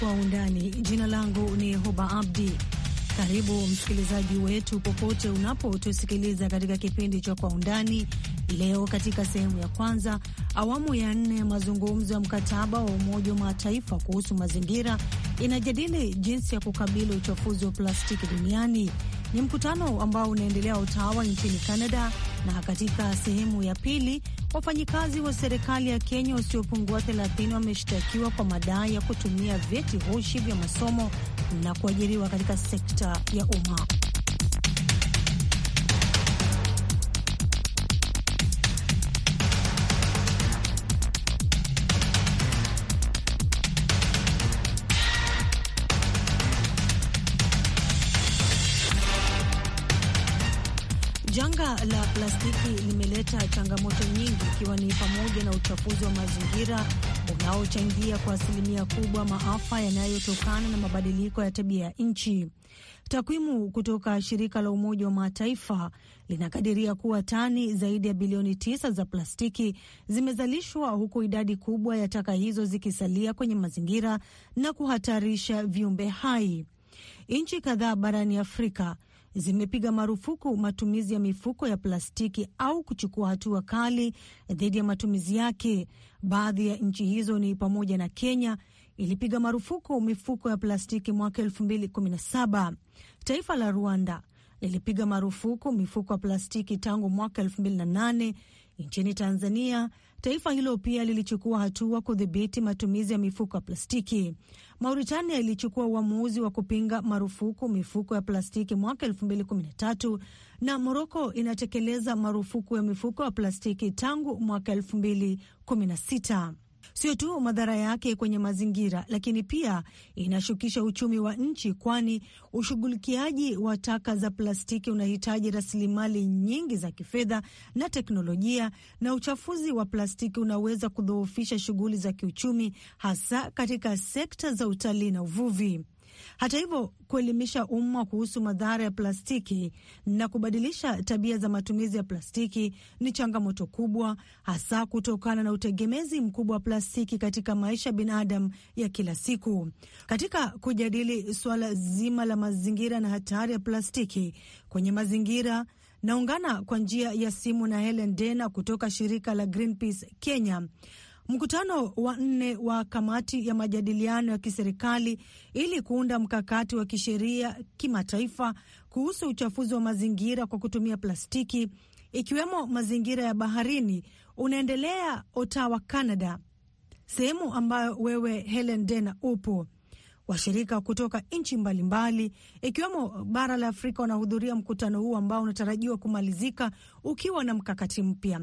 Kwa Undani. Jina langu ni Hoba Abdi. Karibu msikilizaji wetu popote unapotusikiliza katika kipindi cha Kwa Undani. Leo katika sehemu ya kwanza, awamu ya nne ya mazungumzo ya mkataba wa Umoja wa Mataifa kuhusu mazingira inajadili jinsi ya kukabili uchafuzi wa plastiki duniani. Ni mkutano ambao unaendelea Ottawa nchini Canada na katika sehemu ya pili, wafanyikazi wa serikali ya Kenya wasiopungua 30 wameshtakiwa kwa madai ya kutumia vyeti hoshi vya masomo na kuajiriwa katika sekta ya umma. plastiki limeleta changamoto nyingi, ikiwa ni pamoja na uchafuzi wa mazingira unaochangia kwa asilimia kubwa maafa yanayotokana na mabadiliko ya tabia ya nchi. Takwimu kutoka shirika la Umoja wa Mataifa linakadiria kuwa tani zaidi ya bilioni tisa za plastiki zimezalishwa huku idadi kubwa ya taka hizo zikisalia kwenye mazingira na kuhatarisha viumbe hai. Nchi kadhaa barani Afrika zimepiga marufuku matumizi ya mifuko ya plastiki au kuchukua hatua kali dhidi ya matumizi yake. Baadhi ya nchi hizo ni pamoja na Kenya ilipiga marufuku mifuko ya plastiki mwaka 2017. Taifa la Rwanda lilipiga marufuku mifuko ya plastiki tangu mwaka 2008 Nchini Tanzania, taifa hilo pia lilichukua hatua kudhibiti matumizi ya mifuko ya plastiki. Mauritania ilichukua uamuzi wa kupinga marufuku mifuko ya plastiki mwaka kumi na Moroko inatekeleza marufuku ya mifuko ya plastiki tangu mwaka sita. Sio tu madhara yake kwenye mazingira, lakini pia inashukisha uchumi wa nchi, kwani ushughulikiaji wa taka za plastiki unahitaji rasilimali nyingi za kifedha na teknolojia, na uchafuzi wa plastiki unaweza kudhoofisha shughuli za kiuchumi, hasa katika sekta za utalii na uvuvi. Hata hivyo, kuelimisha umma kuhusu madhara ya plastiki na kubadilisha tabia za matumizi ya plastiki ni changamoto kubwa, hasa kutokana na utegemezi mkubwa wa plastiki katika maisha ya binadamu ya kila siku. Katika kujadili suala zima la mazingira na hatari ya plastiki kwenye mazingira naungana kwa njia ya simu na Helen Dena kutoka shirika la Greenpeace Kenya Mkutano wa nne wa kamati ya majadiliano ya kiserikali ili kuunda mkakati wa kisheria kimataifa kuhusu uchafuzi wa mazingira kwa kutumia plastiki ikiwemo mazingira ya baharini unaendelea Ottawa, Canada, sehemu ambayo wewe Helen Dena upo. Washirika kutoka nchi mbalimbali ikiwemo bara la Afrika wanahudhuria mkutano huu ambao unatarajiwa kumalizika ukiwa na mkakati mpya.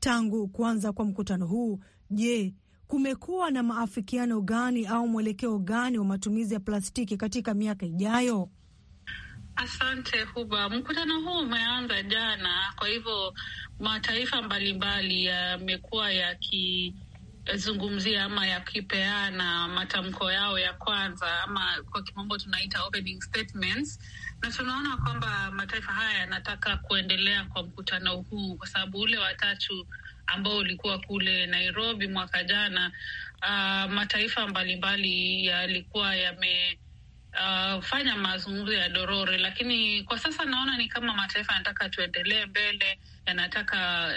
Tangu kuanza kwa mkutano huu, Je, kumekuwa na maafikiano gani au mwelekeo gani wa matumizi ya plastiki katika miaka ijayo? Asante Huba. Mkutano huu umeanza jana, kwa hivyo mataifa mbalimbali yamekuwa yakizungumzia ama yakipeana matamko yao ya kwanza, ama kwa kimombo tunaita opening statements, na tunaona kwamba mataifa haya yanataka kuendelea kwa mkutano huu, kwa sababu ule watatu ambao ulikuwa kule Nairobi mwaka jana. Uh, mataifa mbalimbali yalikuwa yame Uh, fanya mazungumzo ya dorore, lakini kwa sasa naona ni kama mataifa yanataka tuendelee mbele, yanataka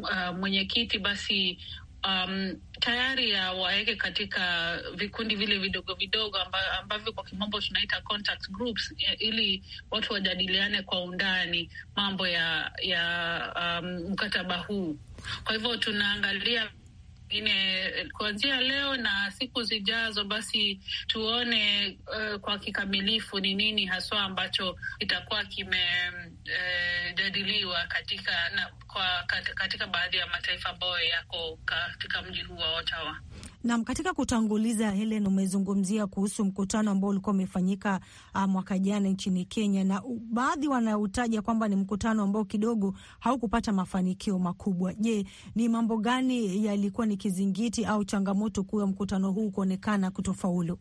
uh, mwenyekiti basi um, tayari ya waweke katika vikundi vile vidogo vidogo amba, ambavyo kwa kimombo tunaita contact groups, ili watu wajadiliane kwa undani mambo ya, ya um, mkataba huu. Kwa hivyo tunaangalia ine eh, kuanzia leo na siku zijazo, basi tuone uh, kwa kikamilifu ni nini haswa ambacho itakuwa kimejadiliwa eh, uh, katika na, kwa, katika baadhi ya mataifa ambayo yako katika mji huu wa Ottawa. Nam, katika kutanguliza, Helen umezungumzia kuhusu mkutano ambao ulikuwa umefanyika uh, mwaka jana nchini Kenya, na baadhi wanautaja kwamba ni mkutano ambao kidogo haukupata mafanikio makubwa. Je, ni mambo gani yalikuwa ni kizingiti au changamoto kuu ya mkutano huu kuonekana kutofaulu?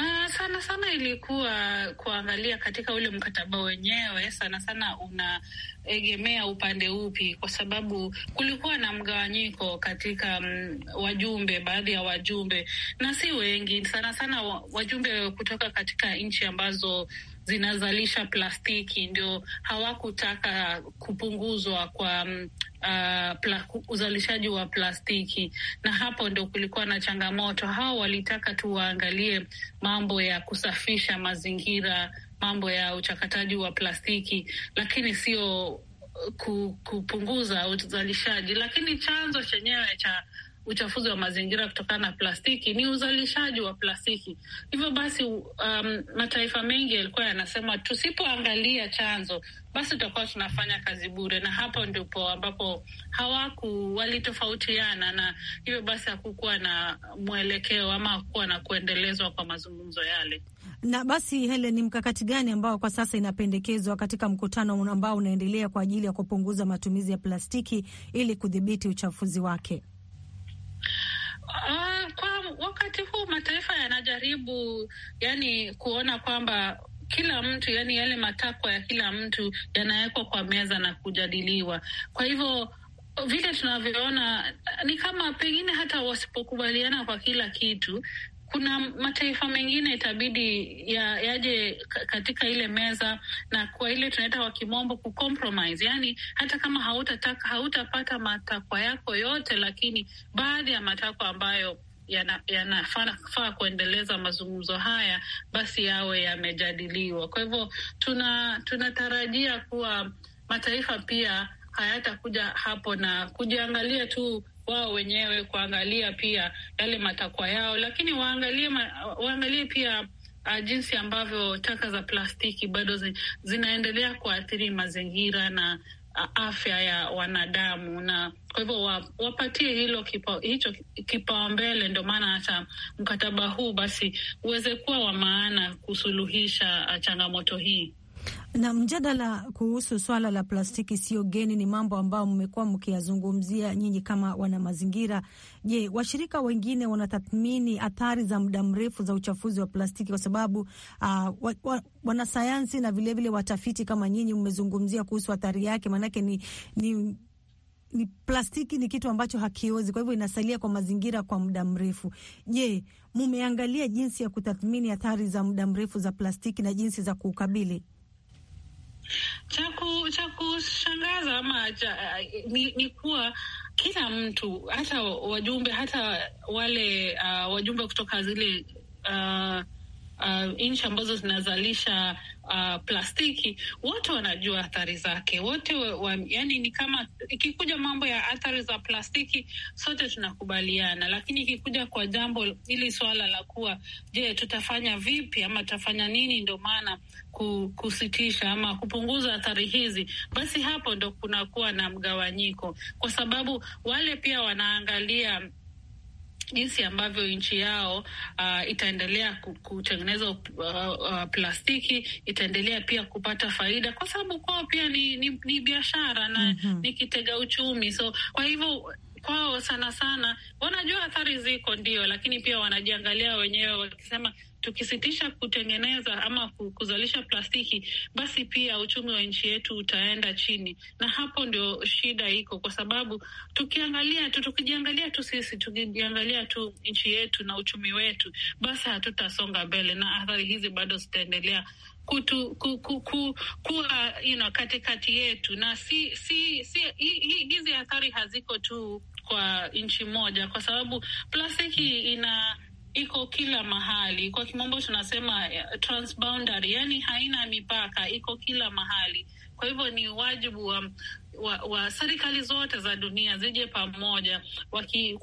Uh, sana sana ilikuwa kuangalia katika ule mkataba wenyewe, sana sana unaegemea upande upi, kwa sababu kulikuwa na mgawanyiko katika m, mm, wajumbe, baadhi ya wajumbe na si wengi, sana sana wajumbe kutoka katika nchi ambazo zinazalisha plastiki, ndio hawakutaka kupunguzwa kwa uh, pla, uzalishaji wa plastiki, na hapo ndo kulikuwa na changamoto. Hao walitaka tu waangalie mambo ya kusafisha mazingira, mambo ya uchakataji wa plastiki, lakini sio kupunguza uzalishaji. Lakini chanzo chenyewe cha uchafuzi wa mazingira kutokana na plastiki ni uzalishaji wa plastiki. Hivyo basi, um, mataifa mengi yalikuwa yanasema tusipoangalia chanzo, basi tutakuwa tunafanya kazi bure, na hapo ndipo ambapo hawaku walitofautiana, na hivyo basi hakukuwa na mwelekeo ama hakukuwa na kuendelezwa kwa mazungumzo yale. Na basi, Helen, ni mkakati gani ambao kwa sasa inapendekezwa katika mkutano ambao unaendelea kwa ajili ya kupunguza matumizi ya plastiki ili kudhibiti uchafuzi wake? Uh, kwa wakati huu mataifa yanajaribu yani kuona kwamba kila mtu yani yale matakwa ya kila mtu yanawekwa kwa meza na kujadiliwa. Kwa hivyo vile tunavyoona ni kama pengine hata wasipokubaliana kwa kila kitu, kuna mataifa mengine itabidi ya, yaje katika ile meza na kwa ile tunaita kwa kimombo kucompromise, yani hata kama hautataka hautapata matakwa yako yote, lakini baadhi ya matakwa ambayo yanafaa ya kuendeleza mazungumzo haya basi yawe yamejadiliwa. Kwa hivyo tunatarajia tuna kuwa mataifa pia hayatakuja hapo na kujiangalia tu wao wenyewe kuangalia pia yale matakwa yao, lakini waangalie, ma, waangalie pia uh, jinsi ambavyo taka za plastiki bado zi, zinaendelea kuathiri mazingira na uh, afya ya wanadamu, na kwa hivyo wa, wapatie hilo kipa, hicho kipaumbele. Ndio maana hata mkataba huu basi uweze kuwa wa maana kusuluhisha uh, changamoto hii na mjadala kuhusu swala la plastiki sio geni, ni mambo ambayo mmekuwa mkiyazungumzia nyinyi kama wana mazingira. Je, washirika wengine wanatathmini athari za muda mrefu za uchafuzi wa plastiki? Kwa sababu uh, wa, wa, wanasayansi na vilevile vile watafiti kama nyinyi mmezungumzia kuhusu athari yake, maanake ni, ni ni plastiki ni kitu ambacho hakiozi, kwa hivyo inasalia kwa mazingira kwa muda mrefu. Je, mumeangalia jinsi ya kutathmini athari za muda mrefu za plastiki na jinsi za kuukabili? Cha kushangaza ama eh, ni, ni kuwa kila mtu hata wajumbe hata wale uh, wajumbe kutoka zile uh, uh, nchi ambazo zinazalisha uh, plastiki, wote wanajua athari zake, wote wa, yani ni kama ikikuja mambo ya athari za plastiki sote tunakubaliana, lakini ikikuja kwa jambo hili swala la kuwa je, tutafanya vipi ama tutafanya nini ndo maana kusitisha ama kupunguza athari hizi, basi hapo ndo kunakuwa na mgawanyiko, kwa sababu wale pia wanaangalia jinsi ambavyo nchi yao uh, itaendelea kutengeneza uh, uh, plastiki, itaendelea pia kupata faida, kwa sababu kwao pia ni, ni, ni biashara na mm -hmm. ni kitega uchumi, so kwa hivyo kwao sana sana wanajua athari ziko ndio, lakini pia wanajiangalia wenyewe wakisema tukisitisha kutengeneza ama kuzalisha plastiki, basi pia uchumi wa nchi yetu utaenda chini, na hapo ndio shida iko, kwa sababu tukiangalia tu, tukijiangalia tu sisi, tukijiangalia tu nchi yetu na uchumi wetu, basi hatutasonga mbele, na athari hizi bado zitaendelea kutu, ku, ku, ku, kuwa you know, katikati yetu, na si, si, si hizi athari haziko tu kwa nchi moja, kwa sababu plastiki ina iko kila mahali. Kwa kimombo tunasema eh, transboundary, yani haina mipaka, iko kila mahali. Kwa hivyo ni wajibu wa, wa, wa serikali zote za dunia zije pamoja,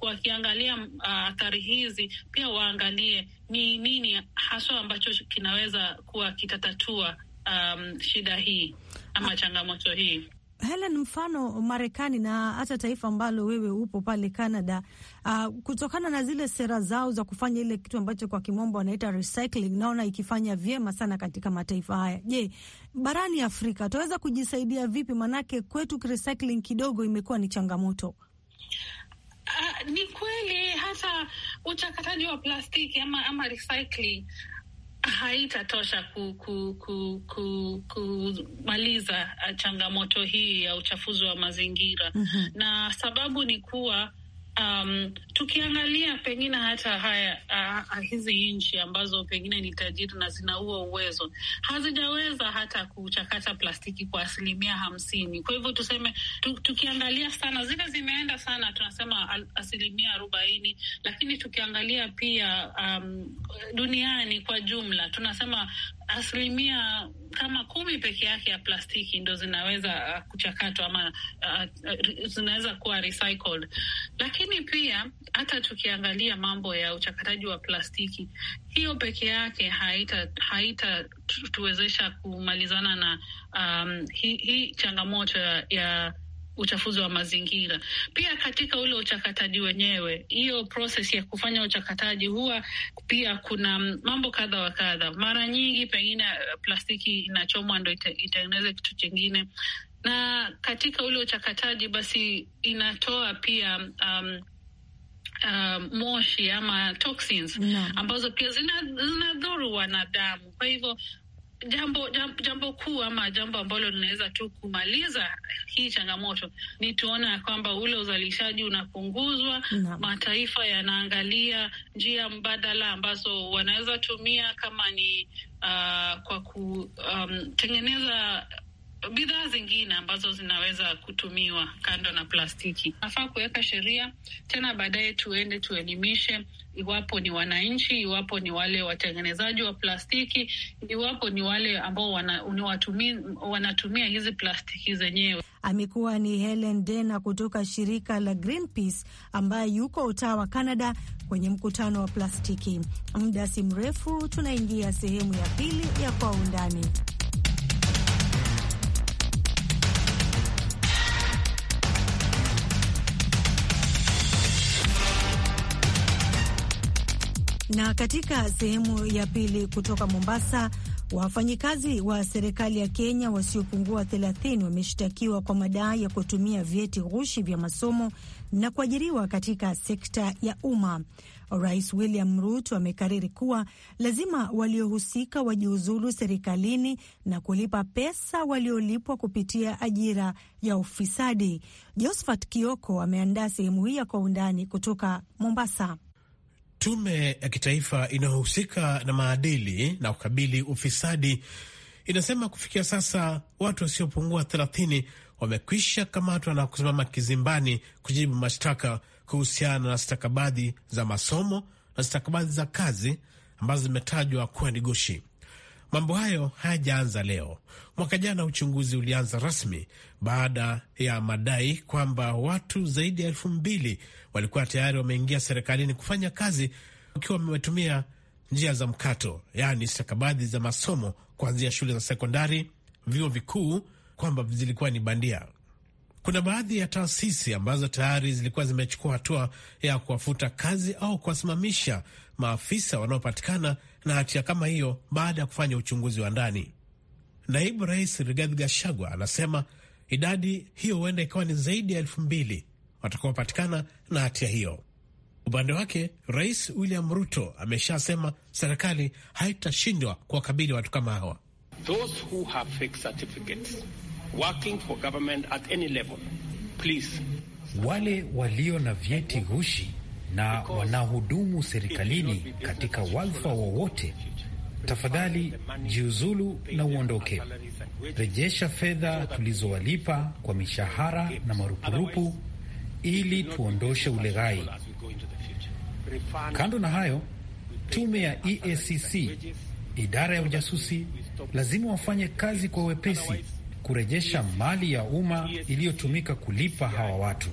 wakiangalia ah, athari uh, hizi, pia waangalie ni nini haswa ambacho kinaweza kuwa kitatatua um, shida hii ama changamoto hii. Helen, mfano Marekani na hata taifa ambalo wewe upo pale Canada, uh, kutokana na zile sera zao za kufanya ile kitu ambacho kwa kimombo wanaita recycling, naona ikifanya vyema sana katika mataifa haya. Je, barani Afrika tunaweza kujisaidia vipi? maanake kwetu recycling kidogo imekuwa ni changamoto. Uh, ni kweli hasa uchakataji wa plastiki ama, ama recycling haitatosha kumaliza ku, ku, ku, ah, changamoto hii ya uchafuzi wa mazingira mm -hmm. Na sababu ni kuwa Um, tukiangalia pengine hata haya uh, hizi nchi ambazo pengine ni tajiri na zina huo uwezo hazijaweza hata kuchakata plastiki kwa asilimia hamsini. Kwa hivyo tuseme tu, tukiangalia sana zile zimeenda sana tunasema asilimia arobaini, lakini tukiangalia pia um, duniani kwa jumla tunasema asilimia kama kumi peke yake ya plastiki ndo zinaweza uh, kuchakatwa ama uh, uh, zinaweza kuwa recycled. Lakini pia hata tukiangalia mambo ya uchakataji wa plastiki, hiyo peke yake haitatuwezesha haita kumalizana na um, hii hi changamoto ya uchafuzi wa mazingira. Pia katika ule uchakataji wenyewe, hiyo proses ya kufanya uchakataji huwa pia kuna mambo kadha wa kadha. Mara nyingi pengine eh, plastiki inachomwa ndo itengeneze kitu chingine, na katika ule uchakataji basi inatoa pia um, Uh, moshi ama toxins no, ambazo pia zinadhuru zina wanadamu. Kwa hivyo jambo jambo, jambo kuu ama jambo ambalo linaweza tu kumaliza hii changamoto ni tuona ya kwamba ule uzalishaji unapunguzwa no. Mataifa yanaangalia njia mbadala ambazo wanaweza tumia kama ni uh, kwa kutengeneza um, bidhaa zingine ambazo zinaweza kutumiwa kando na plastiki. Nafaa kuweka sheria tena, baadaye tuende tuelimishe, iwapo ni wananchi, iwapo ni wale watengenezaji wa plastiki, iwapo ni wale ambao wana, watumi, wanatumia hizi plastiki zenyewe. Amekuwa ni Helen Dena kutoka shirika la Greenpeace ambaye yuko utaa wa Canada, kwenye mkutano wa plastiki. Muda si mrefu tunaingia sehemu ya pili ya Kwa Undani. Na katika sehemu ya pili kutoka Mombasa, wafanyikazi wa serikali ya Kenya wasiopungua 30 wameshtakiwa kwa madai ya kutumia vyeti ghushi vya masomo na kuajiriwa katika sekta ya umma. Rais William Ruto amekariri kuwa lazima waliohusika wajiuzulu serikalini na kulipa pesa waliolipwa kupitia ajira ya ufisadi. Josephat Kioko ameandaa sehemu hii ya kwa undani kutoka Mombasa. Tume ya kitaifa inayohusika na maadili na kukabili ufisadi inasema kufikia sasa watu wasiopungua 30 wamekwisha kamatwa na kusimama kizimbani kujibu mashtaka kuhusiana na stakabadhi za masomo na stakabadhi za kazi ambazo zimetajwa kuwa ni gushi. Mambo hayo hayajaanza leo. Mwaka jana uchunguzi ulianza rasmi baada ya madai kwamba watu zaidi ya elfu mbili walikuwa tayari wameingia serikalini kufanya kazi wakiwa wametumia njia za mkato, yaani stakabadhi za masomo kuanzia shule za sekondari, vyuo vikuu, kwamba zilikuwa ni bandia. Kuna baadhi ya taasisi ambazo tayari zilikuwa zimechukua hatua ya kuwafuta kazi au kuwasimamisha maafisa wanaopatikana na hatia kama hiyo baada ya kufanya uchunguzi wa ndani. Naibu Rais Rigathi Gachagua anasema idadi hiyo huenda ikawa ni zaidi ya elfu mbili watakaopatikana na hatia hiyo. Upande wake Rais William Ruto ameshasema serikali haitashindwa kuwakabili watu kama hawa. Those who have fake certificates working for government at any level, please. Wale walio na vyeti ghushi na wanahudumu serikalini katika wadhifa wowote, tafadhali jiuzulu na uondoke. Rejesha fedha tulizowalipa kwa mishahara na marupurupu ili tuondoshe uleghai. Kando na hayo, tume ya EACC, idara ya ujasusi, lazima wafanye kazi kwa wepesi kurejesha mali ya umma iliyotumika kulipa hawa watu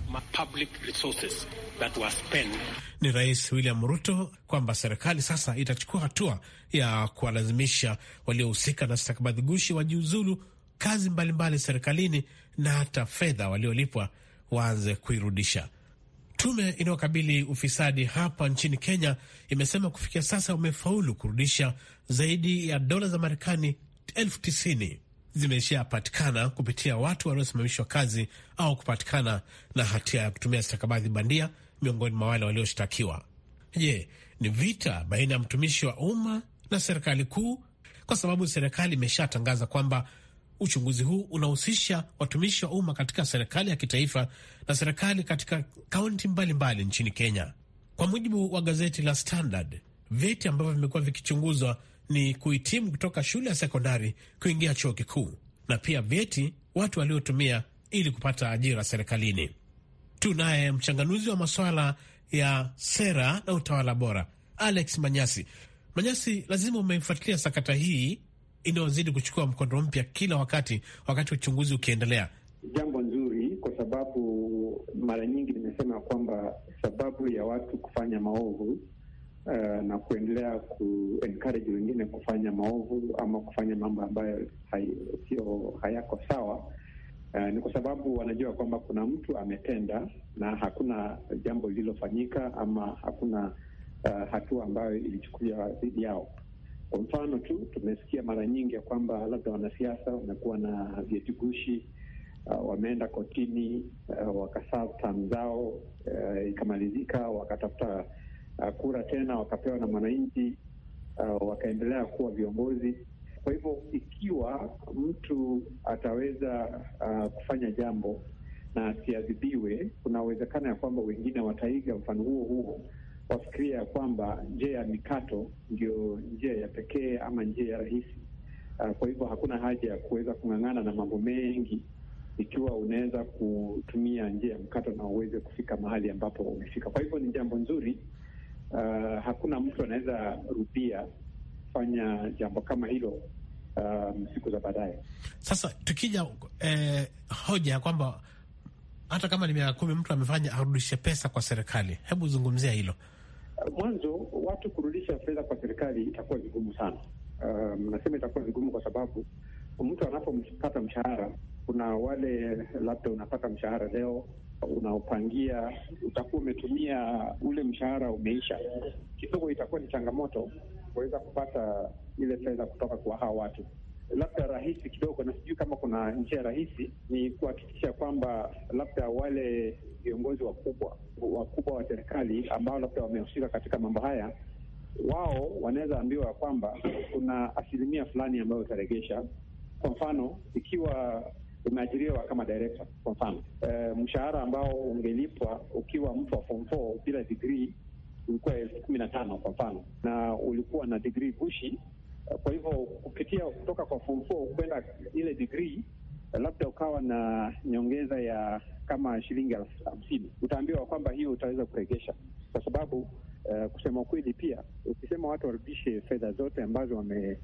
that spent. Ni Rais William Ruto kwamba serikali sasa itachukua hatua ya kuwalazimisha waliohusika na stakabadhi gushi wajiuzulu kazi mbalimbali mbali serikalini na hata fedha waliolipwa waanze kuirudisha. Tume inayokabili ufisadi hapa nchini Kenya imesema kufikia sasa wamefaulu kurudisha zaidi ya dola za Marekani elfu tisini zimeshapatikana kupitia watu waliosimamishwa kazi au kupatikana na hatia ya kutumia stakabadhi bandia miongoni mwa wale walioshtakiwa. Je, ni vita baina ya mtumishi wa umma na serikali kuu? Kwa sababu serikali imeshatangaza kwamba uchunguzi huu unahusisha watumishi wa umma katika serikali ya kitaifa na serikali katika kaunti mbalimbali nchini Kenya. Kwa mujibu wa gazeti la Standard, vyeti ambavyo vimekuwa vikichunguzwa ni kuhitimu kutoka shule ya sekondari kuingia chuo kikuu na pia vyeti watu waliotumia ili kupata ajira serikalini. Tunaye mchanganuzi wa maswala ya sera na utawala bora Alex Manyasi. Manyasi, lazima umefuatilia sakata hii inayozidi kuchukua mkondo mpya kila wakati, wakati uchunguzi ukiendelea. Jambo nzuri, kwa sababu mara nyingi nimesema kwamba sababu ya watu kufanya maovu uh, na kuendelea ku wengine kufanya maovu ama kufanya mambo ambayo hay, sio hayako sawa Eh, ni kwa sababu wanajua kwamba kuna mtu ametenda na hakuna jambo lililofanyika ama hakuna uh, hatua ambayo ilichukuliwa dhidi yao. Kwa mfano tu tumesikia mara nyingi ya kwamba labda wanasiasa wamekuwa na vyeti gushi uh, wameenda kotini uh, wakasaa tamu zao uh, ikamalizika, wakatafuta uh, kura tena wakapewa na mwananchi uh, wakaendelea kuwa viongozi kwa hivyo ikiwa mtu ataweza uh, kufanya jambo na asiadhibiwe, kuna uwezekano ya kwamba wengine wataiga mfano huo huo, wafikiria ya kwamba njia ya mikato ndio njia ya pekee ama njia ya rahisi. Uh, kwa hivyo hakuna haja ya kuweza kung'ang'ana na mambo mengi ikiwa unaweza kutumia njia ya mkato na uweze kufika mahali ambapo umefika. Kwa hivyo ni jambo nzuri. Uh, hakuna mtu anaweza rudia kufanya jambo kama hilo um, siku za baadaye. Sasa tukija eh, hoja ya kwamba hata kama ni miaka kumi mtu amefanya arudishe pesa kwa serikali, hebu zungumzia hilo. Mwanzo watu kurudisha fedha kwa serikali itakuwa vigumu sana. Um, nasema itakuwa vigumu kwa sababu mtu anapopata mshahara, kuna wale labda unapata mshahara leo unaopangia utakuwa umetumia ule mshahara umeisha, kidogo itakuwa ni changamoto kuweza kupata ile fedha kutoka kwa hawa watu. Labda rahisi kidogo, na sijui kama kuna njia rahisi, ni kuhakikisha kwamba labda wale viongozi wakubwa wakubwa wa serikali ambao labda wamehusika katika mambo haya wao wanaweza ambiwa kwamba kuna asilimia fulani ambayo utaregesha. Kwa mfano, ikiwa umeajiriwa kama director, kwa mfano e, mshahara ambao ungelipwa ukiwa mtu wa form four bila degree ulikuwa elfu kumi na tano kwa mfano, na ulikuwa na digrii gushi. Kwa hivyo kupitia kutoka kwa form four kwenda ile digrii, labda ukawa na nyongeza ya kama shilingi elfu hamsini, utaambiwa kwamba hiyo utaweza kuregesha kwa sababu uh, kusema ukweli pia ukisema watu warudishe fedha zote ambazo wame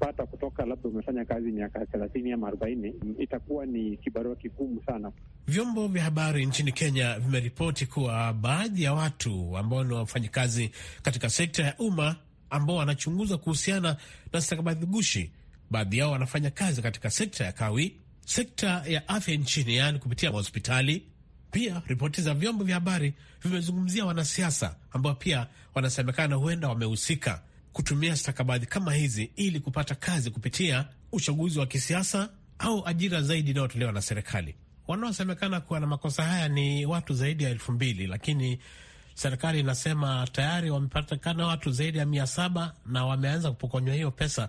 kupata kutoka labda umefanya kazi miaka thelathini ama arobaini itakuwa ni kibarua kigumu sana. Vyombo vya habari nchini Kenya vimeripoti kuwa baadhi ya watu ambao ni wafanyikazi katika sekta ya umma ambao wanachunguzwa kuhusiana na stakabadhi gushi, baadhi yao wanafanya kazi katika sekta ya kawi, sekta ya afya nchini, yaani kupitia hospitali. Pia ripoti za vyombo vya habari vimezungumzia wanasiasa ambao pia wanasemekana huenda wamehusika kutumia stakabadhi kama hizi ili kupata kazi kupitia uchaguzi wa kisiasa au ajira zaidi inayotolewa na serikali. Wanaosemekana kuwa na makosa haya ni watu zaidi ya elfu mbili lakini serikali inasema tayari wamepatikana watu zaidi ya mia saba na wameanza kupokonywa hiyo pesa.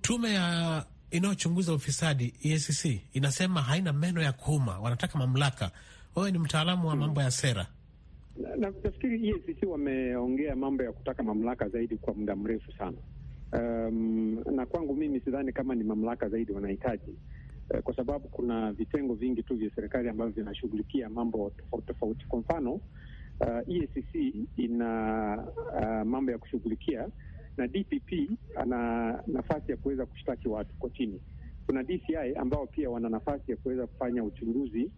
Tume ya inayochunguza ufisadi EACC inasema haina meno ya kuuma, wanataka mamlaka. Wewe ni mtaalamu wa hmm. mambo ya sera, Nafikiri EACC wameongea mambo ya kutaka mamlaka zaidi kwa muda mrefu sana. Um, na kwangu mimi sidhani kama ni mamlaka zaidi wanahitaji, eh, kwa sababu kuna vitengo vingi tu vya serikali ambavyo vinashughulikia mambo tofauti tofauti. Kwa mfano uh, eh, EACC ina uh, mambo ya kushughulikia na DPP ana nafasi ya kuweza kushtaki watu kotini. Kuna DCI ambao pia wana nafasi ya kuweza kufanya uchunguzi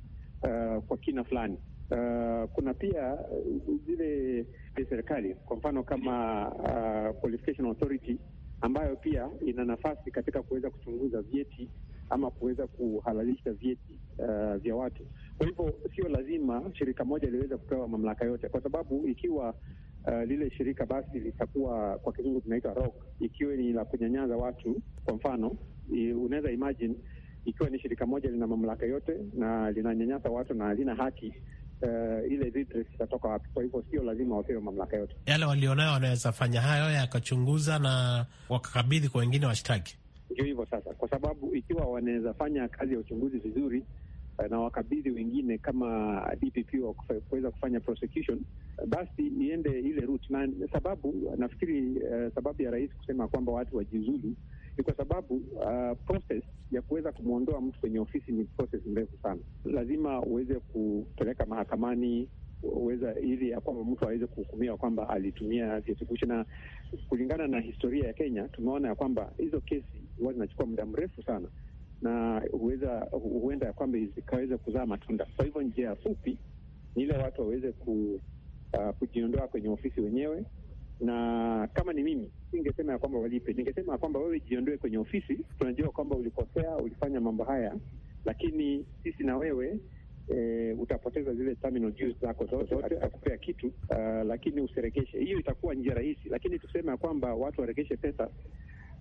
uh, kwa kina fulani Uh, kuna pia uh, zile serikali kwa mfano kama uh, Qualification Authority ambayo pia ina nafasi katika kuweza kuchunguza vyeti ama kuweza kuhalalisha vyeti uh, vya watu. Kwa hivyo sio lazima shirika moja liweze kupewa mamlaka yote, kwa sababu ikiwa uh, lile shirika basi litakuwa kwa kizungu tunaita rock, ikiwa ni la kunyanyaza watu. Kwa mfano, unaweza imagine ikiwa ni shirika moja lina mamlaka yote na linanyanyasa watu na halina haki uh, ile vitu itatoka wapi. Kwa hivyo sio lazima wapewe mamlaka yote, yale walionayo wanaweza fanya hayo yakachunguza na wakakabidhi kwa wengine washtaki. Ndio hivyo sasa, kwa sababu ikiwa wanaweza fanya kazi ya uchunguzi vizuri eh, na wakabidhi wengine kama DPP wa kuweza kufanya prosecution, basi iende ile route. Na sababu nafikiri uh, sababu ya rais kusema kwamba watu wajiuzulu ni kwa sababu uh, process ya kuweza kumwondoa mtu kwenye ofisi ni process mrefu sana. Lazima uweze kupeleka mahakamani uweza ili ya kwamba mtu aweze kuhukumiwa kwamba alitumia vyetugushi, na kulingana na historia ya Kenya tumeona ya kwamba hizo kesi huwa zinachukua muda mrefu sana na huweza huenda ya kwamba zikaweza kuzaa matunda. Kwa hivyo njia fupi ni ile watu waweze ku, uh, kujiondoa kwenye ofisi wenyewe na kama ni mimi, singesema ya kwamba walipe, ningesema ya kwamba wewe jiondoe kwenye ofisi. Tunajua kwamba ulikosea, ulifanya mambo haya, lakini sisi na wewe E, utapoteza zile terminal dues zako zote, akupea kitu uh, lakini usiregeshe. Hiyo itakuwa njia rahisi, lakini tuseme ya kwamba watu waregeshe pesa,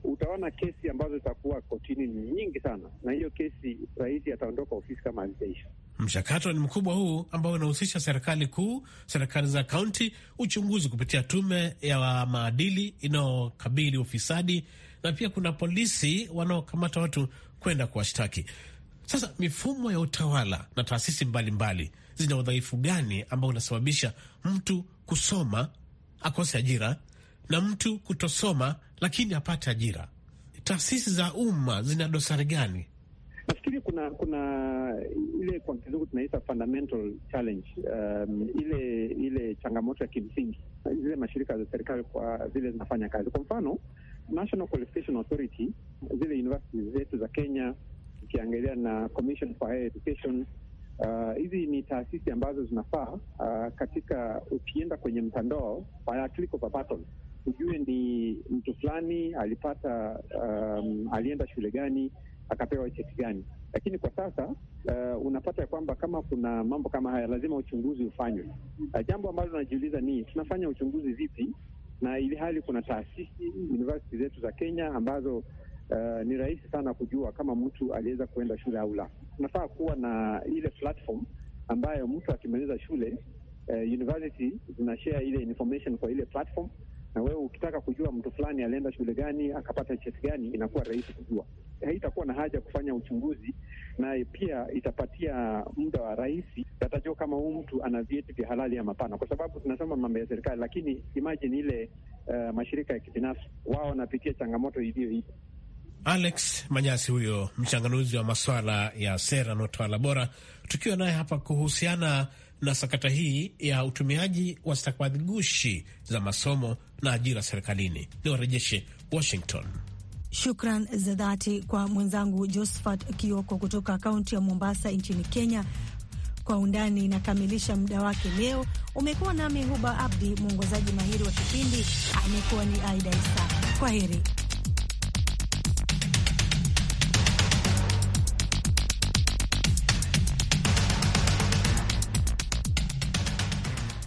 utaona kesi ambazo zitakuwa kotini ni nyingi sana, na hiyo kesi rahisi ataondoka ofisi kama hazijaisha. Mchakato ni mkubwa huu ambao unahusisha serikali kuu, serikali za kaunti, uchunguzi kupitia tume ya maadili inayokabili ufisadi, na pia kuna polisi wanaokamata watu kwenda kuwashtaki. Sasa mifumo ya utawala na taasisi mbalimbali zina udhaifu gani ambao unasababisha mtu kusoma akose ajira na mtu kutosoma lakini apate ajira? Taasisi za umma zina dosari gani nafikiri kuna kuna ile kwa kizungu tunaita fundamental challenge, um, ile ile changamoto ya kimsingi zile mashirika za serikali kwa vile zinafanya kazi. Kwa mfano National Qualification Authority, zile universities zetu za Kenya ikiangalia na Commission for Higher Education uh, hizi uh, ni taasisi ambazo zinafaa uh, katika ukienda kwenye mtandao by click of a button ujue ni mtu fulani alipata um, alienda shule gani akapewa cheti gani. Lakini kwa sasa uh, unapata kwamba kama kuna mambo kama haya lazima uchunguzi ufanywe. Uh, jambo ambalo najiuliza ni tunafanya uchunguzi vipi, na ili hali kuna taasisi university zetu za Kenya ambazo uh, ni rahisi sana kujua kama mtu aliweza kuenda shule au la. Tunafaa kuwa na ile platform ambayo mtu akimaliza shule uh, university zinashare ile information kwa ile platform na wewe ukitaka kujua mtu fulani alienda shule gani akapata cheti gani, inakuwa rahisi kujua. Haitakuwa na haja kufanya uchunguzi, na pia itapatia muda wa rahisi, atajua kama huu mtu ana vyeti vya halali ama hapana, kwa sababu tunasema mambo ya serikali, lakini imajini ile uh, mashirika ya kibinafsi wao wanapitia changamoto iliyo hivi. Alex Manyasi huyo mchanganuzi wa maswala ya sera na utawala bora, tukiwa naye hapa kuhusiana na sakata hii ya utumiaji wa stakabadhi gushi za masomo na ajira serikalini. Ni warejeshe Washington. Shukran za dhati kwa mwenzangu Josephat Kioko kutoka kaunti ya Mombasa nchini Kenya. Kwa undani inakamilisha muda wake leo. Umekuwa nami Huba Abdi, mwongozaji mahiri wa kipindi amekuwa ni Aida Isa. Kwa heri.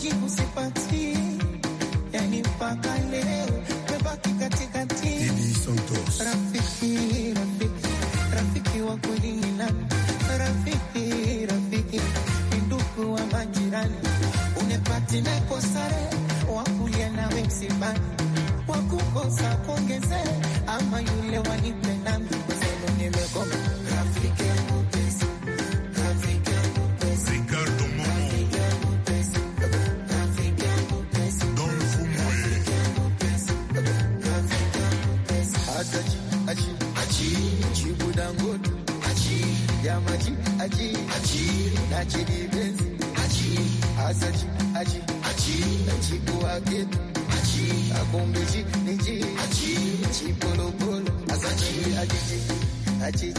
majibu sipati, yani mpaka leo mebaki katikati. Rafiki, rafiki, rafiki wa kweli ni nani? Rafiki, rafiki ni ndugu wa majirani, unepati nekosare wakulia nawe msibani, wakukosa kuongezee ama yule wanipe nami nimekoma Aji, aji, aji aji aji, aji, aji, aji aji aji aji a aji, aji, aji, aji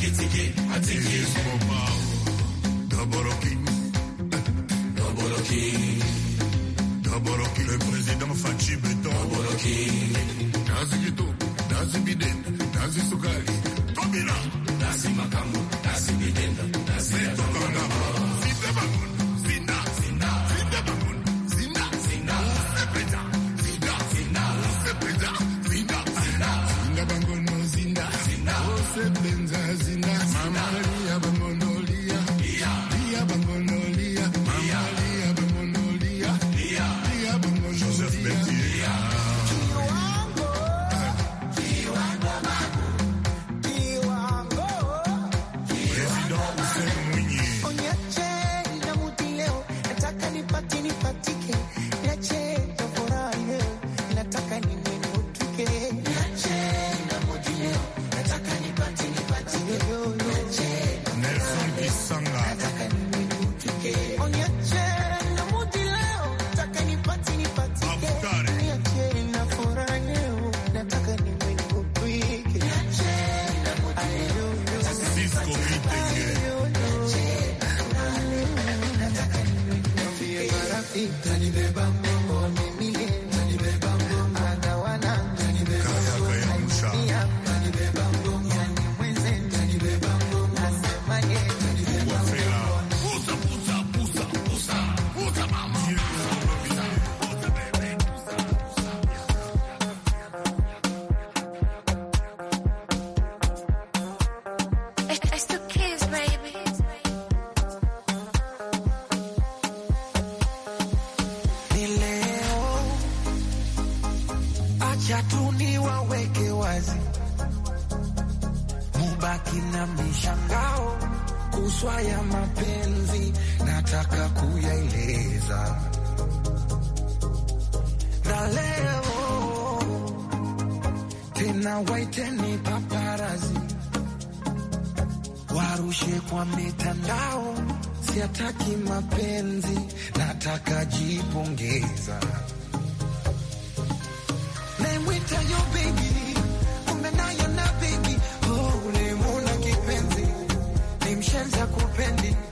aji aji aji Maman Borokin. Da Borokin. le président Fachi Beton. Da Borokin. Nazi Gito, Nazi biden, Nazi Sukari. chatuni waweke wazi, mubaki na mishangao kuswa ya mapenzi, nataka kuyaeleza na leo tena, waiteni paparazi warushe kwa mitandao, siataki mapenzi, nataka jipongeza Kumbe nayo na baby, oh, ulimuna kipenzi, ni mshenza kupendi